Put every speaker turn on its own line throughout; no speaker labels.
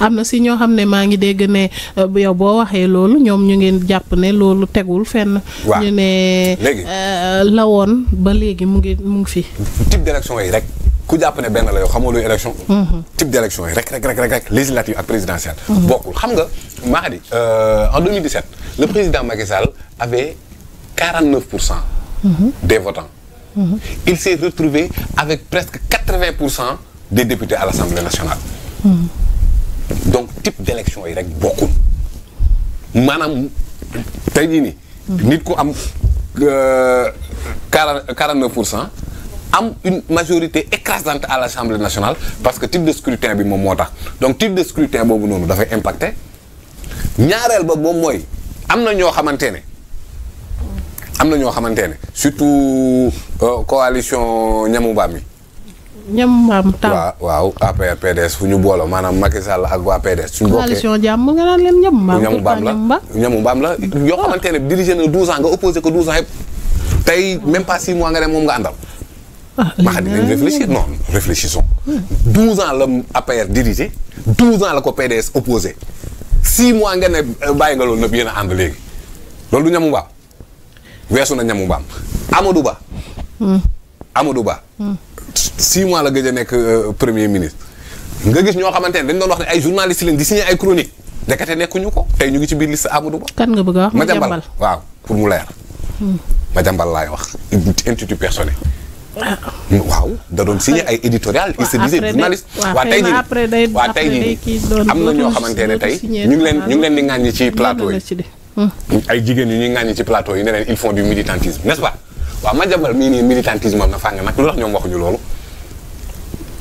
am na si ñoo xam ne maa ngi dégg ne euh, yow boo waxee loolu ñoom ñu ngeen jàpp ne loolu tegul fenn. ñu ne euh, la woon ba léegi mu ngi mu ngi fi.
type d'élection yi rek. ku jàpp ne benn la yow xamoo luy élection. Mhm. type d' élection yi rek rek rek rek rek législative ak présidentielle. Mhm. bokkul xam nga maa di euh, en 2017 le président Macky Sall pour cent. Mhm. de votants. il s' est retrouvé avec presque 80 pour cent des député à l' assemblée nationale. donc type d'élection yi rek bokkul maanaam tey jii nii. nit ku am euh, quarante quarante pour cent am une majorité écrasante à l'Assemblée national parce que type de scrutin bi moom moo tax donc type de scrutin boobu noonu dafay impacter ñaareel ba moom mooy am na ñoo xamante ne. am na ñoo xamante ne surtout euh, coalition ñamu yi
ñam maam tam
waaw APR PDS fu ñu booloo maanaam Macky la ak waa PDS. suñu bokkee coalition
jàmm nga naan leen ñam la ñamu
la oh. yoo xamante ne dirigé na 12 ans nga opposé ko 12 ans yëpp. tey même pas 6 mois nga ne moom nga àndal.
ah
dinañ réfléchir non
réfléchissons. 12 ans la APR dirigé 12 ans la ko PDS opposé mois nga ne euh, bàyyi nga loolu nëpp yéen a ànd léegi loolu du ñamu baam weesu na ñamu baam Amadou Ba. Hmm. Amadou Ba. Hmm. six mois la gëj a nekk euh, premier ministre nga gis ñoo xamante dañ doon wax ne ay journalistes lañ di signé ay chronique ndekete nekkuñu ko tey ñu ngi ci biir liste Amadou Ba.
kan nga bëgg a wax Madiambal
waaw pour mu leer. Hmm. Madiambal laay wax intitut personnel. Ah. waaw da doon signé ay éditorial il se disait journaliste. waaw tey
jii waaw tey jii
am na ñoo xamante ne tey ñu ngi leen ñu ngi leen di ŋàññi ci plateau yi. Hmm. ay jigéen yu ñuy ŋàññi ci plateau yi ne leen ils font du militantisme waaw ma jàmbal mii nii militantisme am na fàng nag lu tax ñoom waxuñu loolu.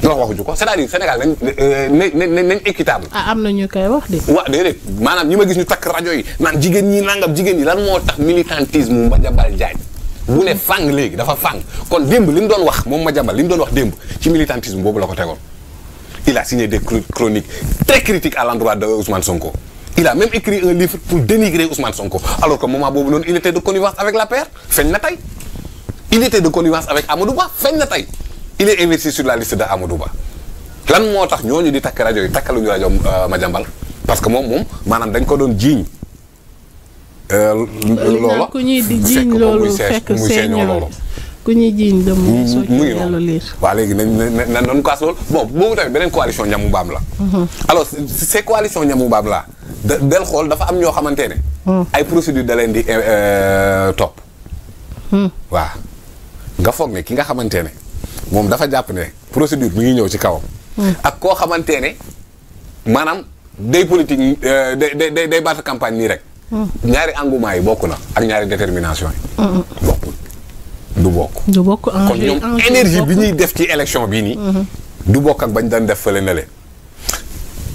lu tax waxuñu ko cest à Sénégal euh, nañ nañ équitable.
ah am na ñu koy wax de.
waaw déedéet maanaam ñi ma gis ñu takk rajo yi naan jigéen ñi nangam jigéen ñi lan moo tax militantisme ma jàmbal jaaj. bu ne fàng léegi dafa fàng kon démb li mu doon wax moom ma jàmbal li mu doon wax démb ci militantisme boobu la ko tegoon. il a signé des très critiques à l'endroit de Ousmane Sonko. il a même écrit un livre pour dénigrer Ousmane Sonko alors boobu noonu il était de connivence avec la paire na tey. il était de connivence avec Amadou Ba feeñ na tey il est investi sur la liste de Amadou Ba lan moo tax ñooñu di takk rajo yi takkaluñu rajo euh, Madiambal parce que moom moom maanaam dañ ko doon jiiñ euh, loolu ku ñuy di jiiñ loolu
ku ñuy jiiñ dem mm-hmm, mu ngi
noonu waaw léegi nañ nañ doon kaas loolu bon boobu tamit beneen coalition ñamu mbaam la mm-hmm. alors ces coalitions ñamu mbaam la del xool dafa am ñoo xamante ne mm. ay procédure da di euh, topp mm. waaw nga foog ne ki nga xamante ne moom dafa jàpp ne procédure mi ngi ñëw ci kawam. ak koo xamante ne maanaam day politique euh, day day day battre campagne nii rek. ñaari engouement yi bokk na ak ñaari détermination yi. bokkul du bokk.
bokk kon ñoom énergie bi ñuy
def ci élection bii nii. Mm-hmm. du bokk ak bañ daan def fële na leen.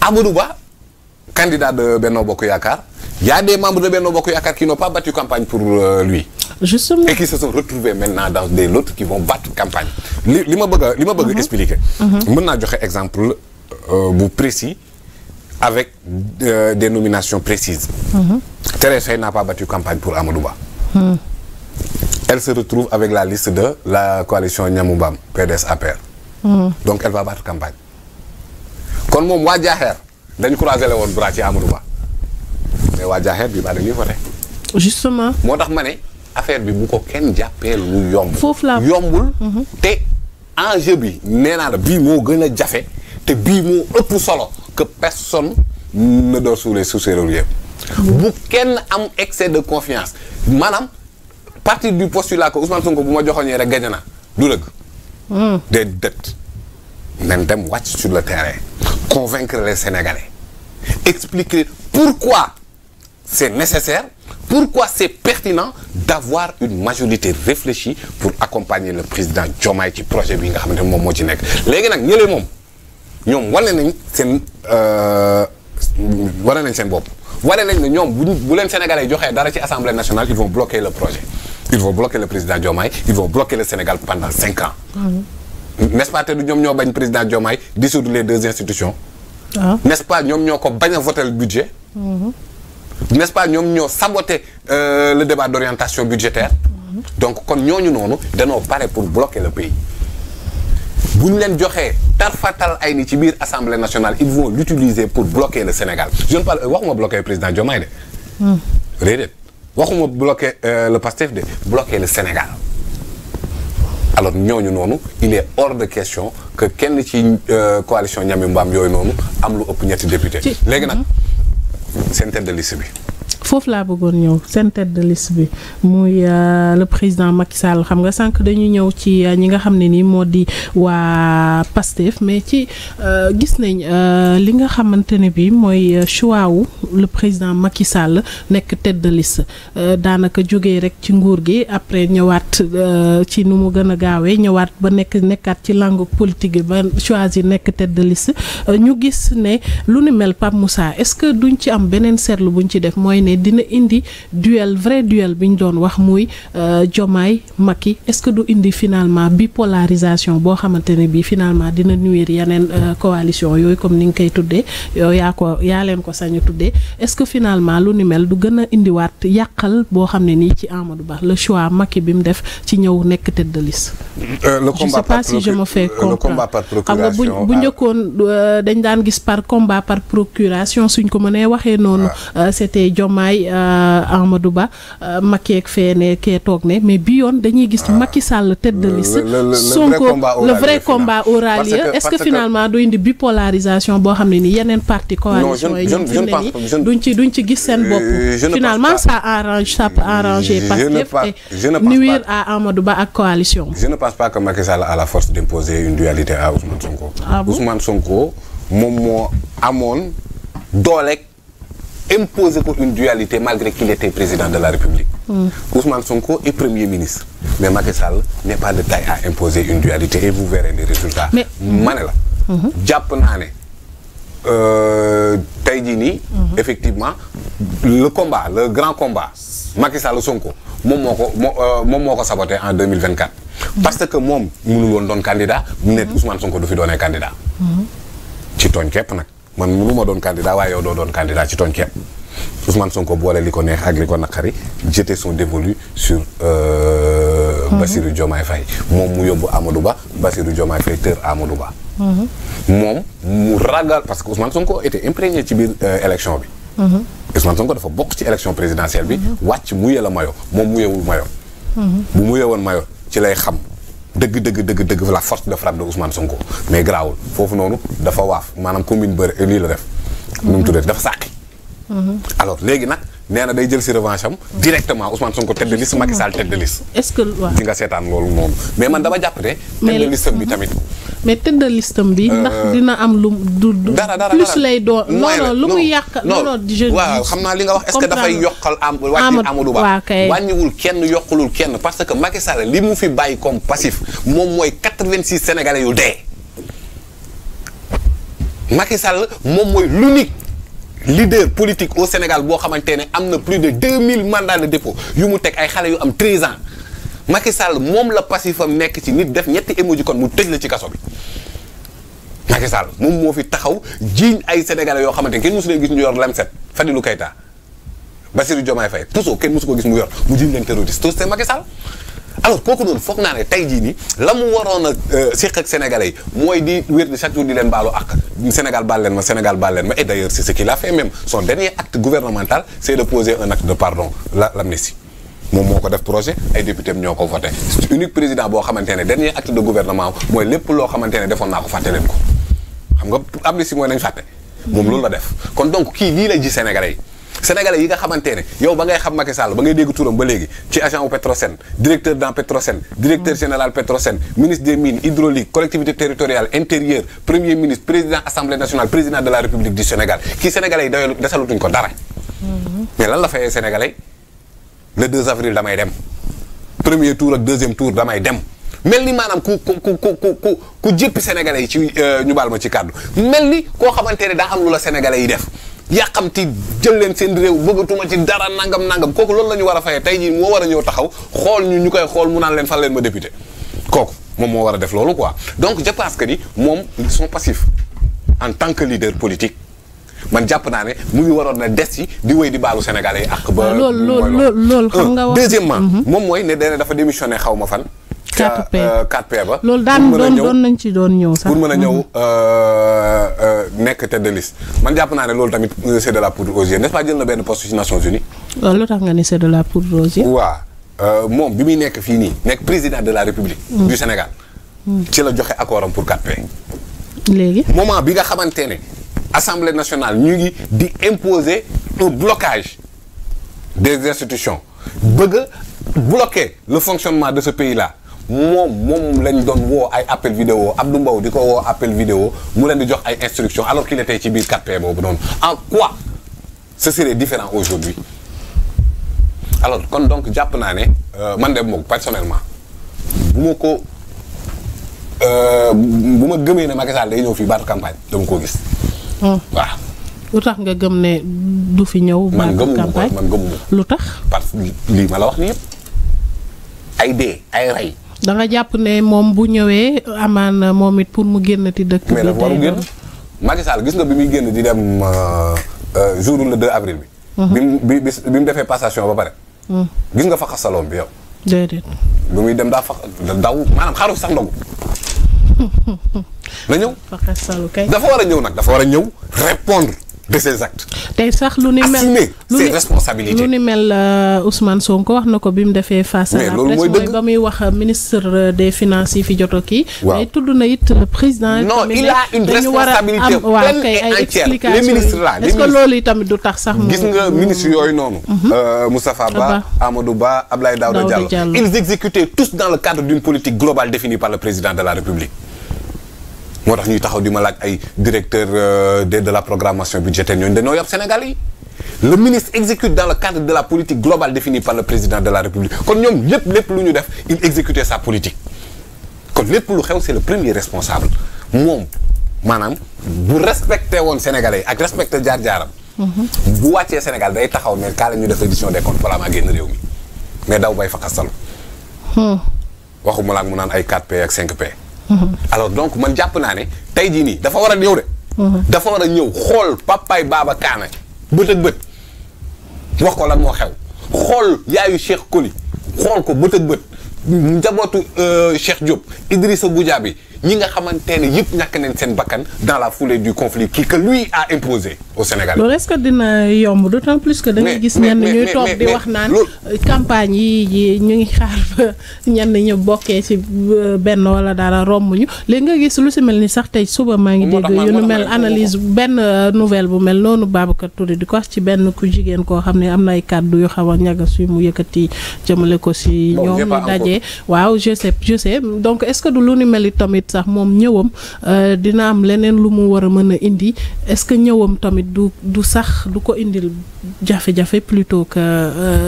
Amadou Ba candidat de Benno Bokk Yaakaar. y a des membres de Benno Bokk Yaakaar qui n'ont battu campagne pour euh, lui. justement qui se sont retrouvés maintenant dans des autres qui vont battre campagne li ma bëgg a li ma bëgg a mhm. expliquer. Mhm. mën naa joxe exemple euh, bu précis avec euh, des nominations précises. Mhm. Thérèse Faye n'a pas battu campagne pour Amadou elle se retrouve avec la liste de la coalition Ñamu Mbaam PDS APR. donc elle va battre campagne. kon moom waa Jaaxeer dañ croiser la woon bras ci mais waa jaaxeet bi baa dañuy voté. justement moo tax ma ne affaire bi bu ko kenn jàppee lu yomb. foofu
la yombul. Mhm.
te
enjeu bi nee naa la bii moo gën a jafe te bii moo ëpp solo que personne ne dort sur les yëpp bu kenn am excès de confiance maanaam partir du postulat que Ousmane Sonko bu ma joxoñee rek gañe na du dëgg. Hmm. des dëtt nañ dem wàcc sur le terrain convaincre les Sénégalais expliquer pourquoi. c'est nécessaire pourquoi c'est pertinent d'avoir une majorité réfléchie pour accompagner le président Diomaye ci projet bi nga xam ne moom moo ci nekk léegi nag ñële moom ñoom wane nañ seen euh, wane nañ seen bopp wane nañ ne ñoom buñ bu leen Sénégalais joxee dara ci assemblée nationale ils vont bloquer la projet ils vont bloquer le président Diomaye ils vont bloquer le Sénégal pendant cinq ans ah n'est-ce pas te du ñoom ñoo bañ président Diomaye dissoudre les deux institutions ah. nest ñoo ko bañ a voter n'est-ce pas ñoom ñoo saboté euh, le débat d'orientation budgétaire donc kon ñooñu noonu danoo pare pour bloquer le pays bu ñu leen joxee tarfatal ay ni ci biir assemblée nationale ils vont l'utiliser pour bloquer le Sénégal je ne parle euh, waxuma bloquer président Diomaye de hmm. déedéet waxuma bloquer euh, le PASTEF de bloquer le Sénégal alors ñooñu noonu il est hors de question que kenn ci coalition ñami mbaam yooyu noonu am lu ëpp ñetti député léegi nag hmm. seen tête de liste bi.
foofu laa bëggoon ñëw seen tête bi muy euh, le président Macky Sall xam nga sànq dañu ñëw ci euh, ñi nga xam ne nii moo di waa Pastef mais ci euh, gis nañ li nga xamante ne bi mooy choix wu le président Macky Sall nekk tête de liste daanaka jógee rek ci nguur gi après ñëwaat ci nu mu gën a gaawee ñëwaat ba nekk nekkaat ci langue politique ba choisir nekk tête de ñu gis ne lu ni mel Pape Moussa est-ce que duñ ci am beneen seetlu buñ ci def mooy ne ne dina indi duel vrai duel bi ñu doon wax muy Jomaay euh, Macky est-ce que du indi finalement bipolarisation boo xamante ne bii finalement dina nuwir yeneen euh, coalition yooyu comme ni nga koy tuddee yow yaa ko yaa leen ko sañu tuddee est-ce que finalement lu ni mel du gën a indiwaat yàqal boo xam ne nii ci Amadou Ba la choix Macky bi mu def ci ñëw nekk tête de liste.
Euh, le combat je sais pas si je me fais comprendre
xam nga bu njëkkoon dañ daan gis par combat par procuration suñ ko mënee waxee noonu ah. Diomaye euh, Amadou Ba euh, Makeek feene kee toog ne mais bi yoon dañuy gis ah. Macky Sall tête de liste vrai combat aura lieu est finalement du indi bipolarisation boo xam ne ni yeneen parti coalition yi duñ ci gis seen euh, bopp finalement ça arrange ça arranger Pastef et nuire à Amadou Ba ak coalition
je ne a la force d'imposer une dualité à Ousmane Sonko ah Ousmane Sonko moom moo amoon dooleek imposé ko une dualité malgré qu'il était président de la République. Mm. Ousmane Sonko est premier ministre. mais Macky Sall n'est pas de taille à imposer une dualité et vous verrez les résultats. mais ma la. Mm-hmm. jàpp naa ne euh, tey jii mm-hmm. effectivement le combat le grand combat Macky Sonko moom moo ko euh, moom moo ko saboté en deux mille vingt quatre. Mm-hmm. parce que moom mënul woon doon candidat mu ne Ousmane Sonko du fi doonee candidat. ci tooñ képp nag. man mënu doon candidat waaye yow doo doon candidat ci tooñ kenn Sonko boole li ko neex ak li ko naqari jeter son dévolu sur. Euh, Bassirou Diomaye Faye moom mu yóbbu Amadou Ba Bassirou Diomaye Faye tër Amadou Ba.
Mm-hmm. moom
mu ragal parce que Ousmane Sonko était imprégné ci biir euh, élection bi. Mm-hmm. Ousmane Sonko dafa bokk ci élection présidentielle bi. Mm-hmm. wàcc mu yee la mayo moom mu yeewul mayo. bu mu yeewoon mayo ci lay xam. dëgg dëgg dëgg dëgg la force de frappe de Ousmane Sonko mais garaawul foofu noonu dafa waaf maanaam commune bëri lii la def. nu mu mhm. tuddee dafa sàqi mhm. alors léegi nag nee na day jël si revanche am. directement Ousmane Sonko tête de liste Macky Sall tête que waaw nga seetaan loolu noonu mais man dama jàpp ne. tête de liste bi mhm. tamit.
mais tëdd listam bi. Euh, ndax dina am lu du dara dara plus lay doon. non lu muy yàq non non jeune waaw xam naa li nga wax est-ce que dafay
yokkal am wàcc Amadou wàññiwul kenn yokkulul kenn parce que Macky Sall li mu fi bàyyi comme passif moom mooy 86 sénégalais yu dee. Macky moom mooy l'unique leader politique au Sénégal boo xamante ne am na plus de 2000 mandats de dépôt yu mu teg ay xale yu am 13 ans. Macky Sall moom la passifam nekk ci nit def ñetti émoji kon mu tëj la ci kaso bi Macky Sall moom moo fi taxaw jiiñ ay sénégalais yoo xamante kenn mosu leen gis ñu yor lemset Fadilou Keita Bassirou Diomaye Faye Pouceau kenn mosu ko gis mu yor mu jiiñ leen terroriste te c'est Macky Sall alors kooku noonu foog naa ne tey jii nii la mu waroon a euh, séq ak sénégalais yi mooy di wér di chaque jour di leen baalu ak Sénégal baal leen ma Sénégal baal leen ma et d'ailleurs c'est ce qu'il a fait même son dernier acte gouvernemental c'est de poser moom moo ko def projet ay député am ñoo ko voté unique président boo xamante ne acte de gouvernement mooy lépp loo xamante ne defoon naa ko fàtte leen ko xam nga amnistie mooy nañ fàtte moom loolu la def kon donc kii lii la ji Sénégalais yi Sénégalais yi nga xamante ne yow ba ngay xam Macky Sall ba ngay dégg turam ba léegi ci agent wu Petrosen directeur dans Petrosen directeur général Petrosen ministre des mines hydraulique collectivité territoriale intérieur premier ministre président assemblée ko dara
mm-hmm.
mais lan la fayee le 2 avril damay dem premier tour ak deuxième tour damay dem mel ni maanaam ku ku ku ku ku ku jéppi sénégalais yi ci euh, ñu baal ma ci kàddu mel ni koo xamante ne daa am lu la sénégalais yi def yàqamti jël leen seen réew bëggatuma ci dara nangam nangam kooku loolu la ñu war a fayee tey jii moo war a ñëw taxaw xool ñu ñu koy xool mu naan leen fan leen ma député kooku moom moo war a def loolu quoi donc je pense que ni moom ils sont passifs en tant que leader politique. man jàpp naa ne mu ngi waroon na des ci di wéy di baalu Sénégalais yi ak. ba loolu loolu
loolu xam nga wax deuxièmement
mhm. moom mooy ne dafa démissionné xaw ma fan. 4P euh, ba. loolu daan doon doon
nañ ci doon ñëw sax. pour mën a ñëw mhm.
euh, euh, nekk tête de man jàpp naa ne loolu tamit c'est de la poudre aux yeux n'est-ce pas jël na benn poste ci Nations Unies.
waaw lu tax nga ne c'est de la poudre aux yeux.
moom bi muy nekk fii nii nekk président de la République. Mhm. du Sénégal. ci la joxe accordam pour 4P. bi nga xamante ne assemblée nationale ñu ngi di imposer un blocage des institutions bëgg a le fonctionnement de ce pays là moom moom lañ doon woo ay appel vidéo Abdou Mbow di ko woo appel vidéo mu leen di jox ay instructions alors qu'il était ci biir 4P boobu noonu en quoi ce serait différent aujourd'hui alors kon donc jàpp naa ne euh, man de moom personnellement bu ma ko euh, bu ma gëmee ne Macky day ñëw fii baatu campagne dama koo gis
Oh. waaw. lu tax nga gëm ne du fi ñëw. man gëmmu ko man lu tax.
parce que lii ma la wax nii yëpp ay dee ay rey.
da jàpp ne moom bu ñëwee amaan na moom it pour mu génnati dëkk. bi mais dafa waru génn
Macky Sall gis nga bi muy génn di dem euh, euh, jour le 2 avril mhm. bi. bi mu defee passation ba pare. Mhm. gis nga fa xasaloon bi yow. déedéet. bi muy dem daa fa daw maanaam xaru sax ndogu. na ñëw dafa war a ñëw nag dafa war a ñëw répondre de ses actes.
sax lu ni mel assumer ses responsabilités lu ni mel euh, Ousmane Sonko wax na ko bi mu defee face à la presse mooy ba muy wax euh, ministre euh, de finance yi fi joto kii. waaw mais tudd na it président. non il a une responsabilité pleine et entière les ministres là sax. gis nga ministre
yooyu noonu. Mhm. Moustapha Ba Amadou Ba Abdoulaye Daouda Diallo. ils exécutaient tous dans le cadre d'une politique globale définie par le président de la République. moo tax ñuy taxaw di ma laaj ay directeur euh, de de la programmation budgétaire ñooñ dañoo yor Sénégal yi le ministre exécute dans le cadre de la politique globale définie par le président de la République kon ñoom lépp lépp lu ñu def il exécutait sa politique kon lép lu xew c'est le premier responsable moom maanaam bu respecté woon sénégalais yi ak respecté jaar-jaaram. Mm-hmm. bu wàccee Sénégal day taxaw ne kaa ñu def édition des comptes balaa maa génn réew mi mais daw bay fa xasalu. Hmm. waxuma la mu naan ay 4 ak 5P. alors donc man jàpp naa ne tey jii nii dafa war a ñëw de. dafa war a ñëw xool pàppaay baaba kaana bët bët wax ko lan moo xool yaayu Cheikh Koli xool ko bët bët njabootu euh, Cheikh Diop Idrissa Goudiaby bi ñi nga xamante ne yëpp ñàkk nañ seen bakkan dans la foulée du conflit qui que lui a imposé au
Sénégal.
loolu est dina yomb d'autant plus que da gis ñenn ñuy toog di wax naan campagne yi ñu ngi xaar ba ñenn ñu bokkee ci euh, benn wala dara romb ñu nga gis lu si mel ni sax tey suba maa ngi dégg yu nu mel analyse benn euh, nouvelle bu mel noonu Babacar Touré di ko wax ci benn ku jigéen koo xam ne am na ay kàddu yu xaw a ñagas yu mu yëkkati jëmale ko si ñoom ñu dajee waaw je sais donc est du lu ni mel tamit sax moom ñëwam dina am leneen lu mu war a mën a indi est-ce que ñëwam tamit du du sax du ko indi jafe-jafe plutôt que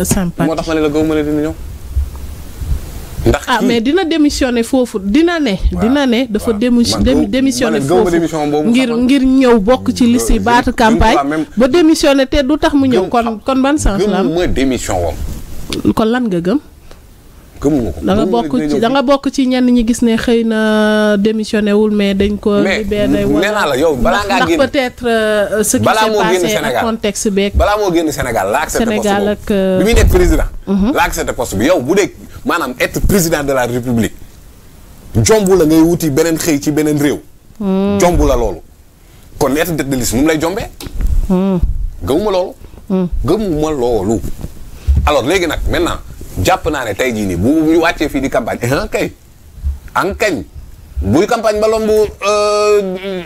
sympathie. moo tax ma ne la gëw dina ñëw. mais dina démissionné foofu dina ne. dina ne dafa démi démissionné foofu ngir ngir ñëw bokk ci liste yi baatu campagne. ba démissionné te du tax mu ñëw kon kon ban sens la am. gëm ma kon lan nga gëm. gëmuma ko da bokk ci da nga bokk ci ñenn ñi gis ne xëy na démissionné wul mais dañ ko libéré wala nee naa la yow balaa ngaa génn ndax peut-être euh, ce qui s'est balaa
moo génn senegal la accepté Sénégal ak euh, bi muy nekk président mhm. la accepté poste bi yow bu dee maanaam être président de la République jomb la ngay wuti beneen xëy ci beneen réew
hmm. jomb
la loolu kon être tête de liste nu lay jombee hmm. gëmuma loolu hmm. gëmuma loolu alors léegi nag maintenant jàpp naa ne tey jii nii bu ñu wàccee fii di campagne eh, ankay ah, ankañ ah, buy campagne ba lomb euh,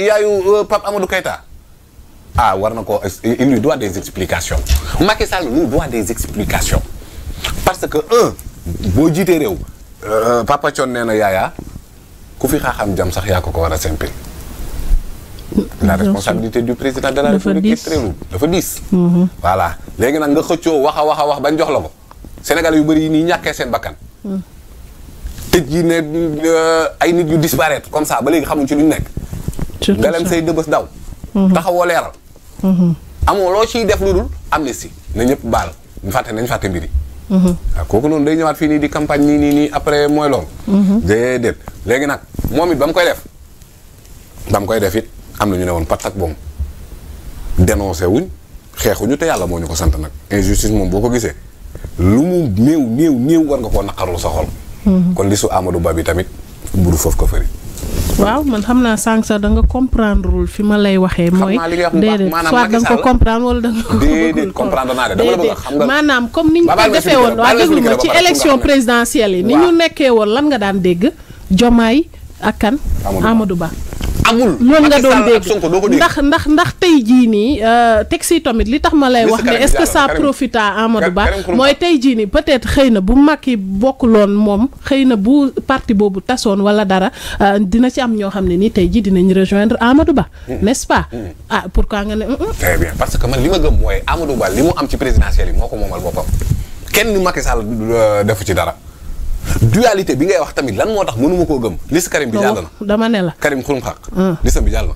yaayu euh, Pape Amadou Keita ah war na ko il lui doit des explications Macky Sall lui doit des explications parce que boo jiitee réew euh, Papa Thion nee na yaayaa ku fi xaaxam jam sax yaa ko ko war a simple la responsabilité du président de la république est très dafa diis mm-hmm. voilà léegi nag nga xëccoo wax a wax a wax bañ jox la ko Sénégal yu bari yi nii ñàkkee seen bakkan. tëj yi ne euh, ay nit yu disparaître comme ça ba léegi xamuñ ci luñ nekk. surtout nga leen say dëbës daw. Mhm. taxawoo leeral. Mhm. amoo loo ciy def lu dul si na ñëpp baal ñu fàtte nañ fàtte mbir yi. Mhm. Ah, kooku noonu day ñëwaat fii nii di campagne nii nii nii après mooy loolu. déedéet léegi nag moom it ba mu koy def ba mu koy def it am na ñu ne woon pat ak boom dénoncé wuñ xeexuñu te yàlla moo ñu ko sant nag injustice moom boo ko gisee. lu mu néew néew néew war nga koo naqarul sa xol. Mhm. kon li su Amadou Ba bi tamit mburu foofu ko fëri.
waaw man xam naa sànq sax danga nga comprendreul fi ma lay waxee. mooy déedéet soit da nga ko comprendre wala da nga ko. déedéet comprendre naa de dama la bëgg maanaam comme ni ñu ko defee woon waa déglu ma ci élection présidentielle yi. ni ñu nekkee woon lan nga daan dégg. Jomaay ak kan Amadou Ba. amul moom nga doon dégg ndax ndax ndax tey jii nii euh, texte yi tamit li tax ma lay wax ne est-ce que ça Ba mooy tey jii nii peut-être xëy na bu Macky loon moom xëy na bu parti boobu tasoon wala dara euh, dina ci am ñoo xam ne nii tey jii dinañ rejoindre Amadou Ba hmm. nest pa pas hmm. ah pourquoi nga ne hmm,
parce que man li ma gëm mooy Amadou Ba li mu am ci présidentielle yi moo ko moomal boppam kenn Macky Sall euh, defu ci dara dualité bi ngay wax tamit lan moo tax mënuma ko gëm. liste Karim bi ah jàll na dama Karim xurum xaq. Ah. listam bi jàll na.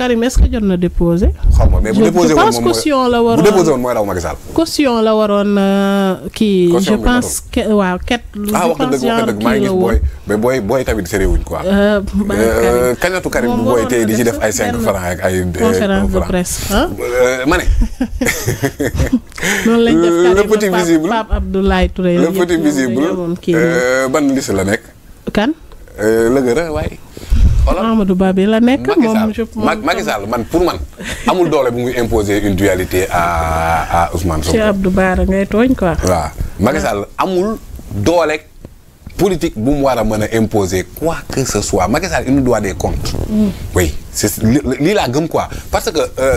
Karim est jot na déposé. xaw ma mais la waroon bu déposé woon mooy raw Macky Sall. la waroon euh, kii. je pense que waaw ket. ah wax dëgg wax dëgg booy
mais booy booy tamit sérieux wuñ quoi. Euh, euh, kañatu Karim booy tey di ci def ay 5 francs ak ay. conférence
de presse ma ne. noonu lañ def Karim le petit visible Pape Abdoulaye Touré. le petit
ban liste la nekk. kan. lëgëra
Amadou Ba bi la nekk moom je
Macky Sall man pour man amul doole bu muy imposer une dualité à à Ousmane Sonko. Cheikh
Abdou Bara ngay tooñ quoi.
waaw amul doole politique bu mu war a mën a imposer quoi que ce soit Macky Sall il nous doit mm. lii laa gëm quoi parce que euh,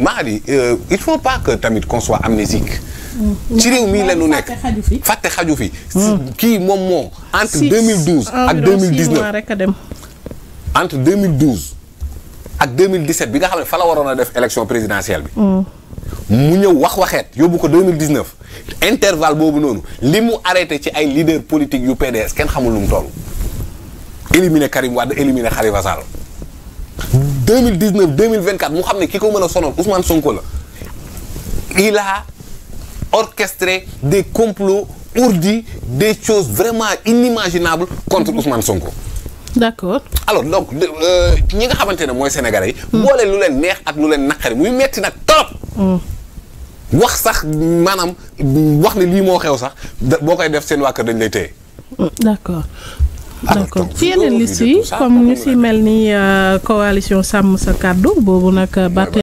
maa di euh, il faut pas que tamit qu'on soit amnésique.
Mm. ci réew mii leen nu nekk
fàtte xaju fi. Mm. kii moom moo. entre 2012 ak 2019 rek a dem. entre 2012 ak 2017 bi nga xam ne fa la waroon a def élection présidentielle bi. mu ñëw wax waxeet yóbbu ko 2019 intervalle boobu noonu li mu arrêté ci ay leader politique yu PDS kenn xamul lu mu toll. éliminer Karim Wade éliminer Khalifa Sall. 2019 2024 mu xam ne ki ko mën a sonal Ousmane Sonko la. il a orchestré des complots di des choses vraiment inimaginables contre Ousmane Sonko. d'accord alors donc euh, ñi nga xamante ne mooy sénégalais yi. Hmm. boole lu leen neex ak lu leen naqari muy metti nag trop. Hmm. wax sax maanaam wax ne lii moo xew sax boo koy def seen waa dañ lay téye.
Hmm, d'accord. d'accord ci yeneen liste yi
comme ñu si mel ni euh, coalition sàmm sa kàddu boobu nag. Euh,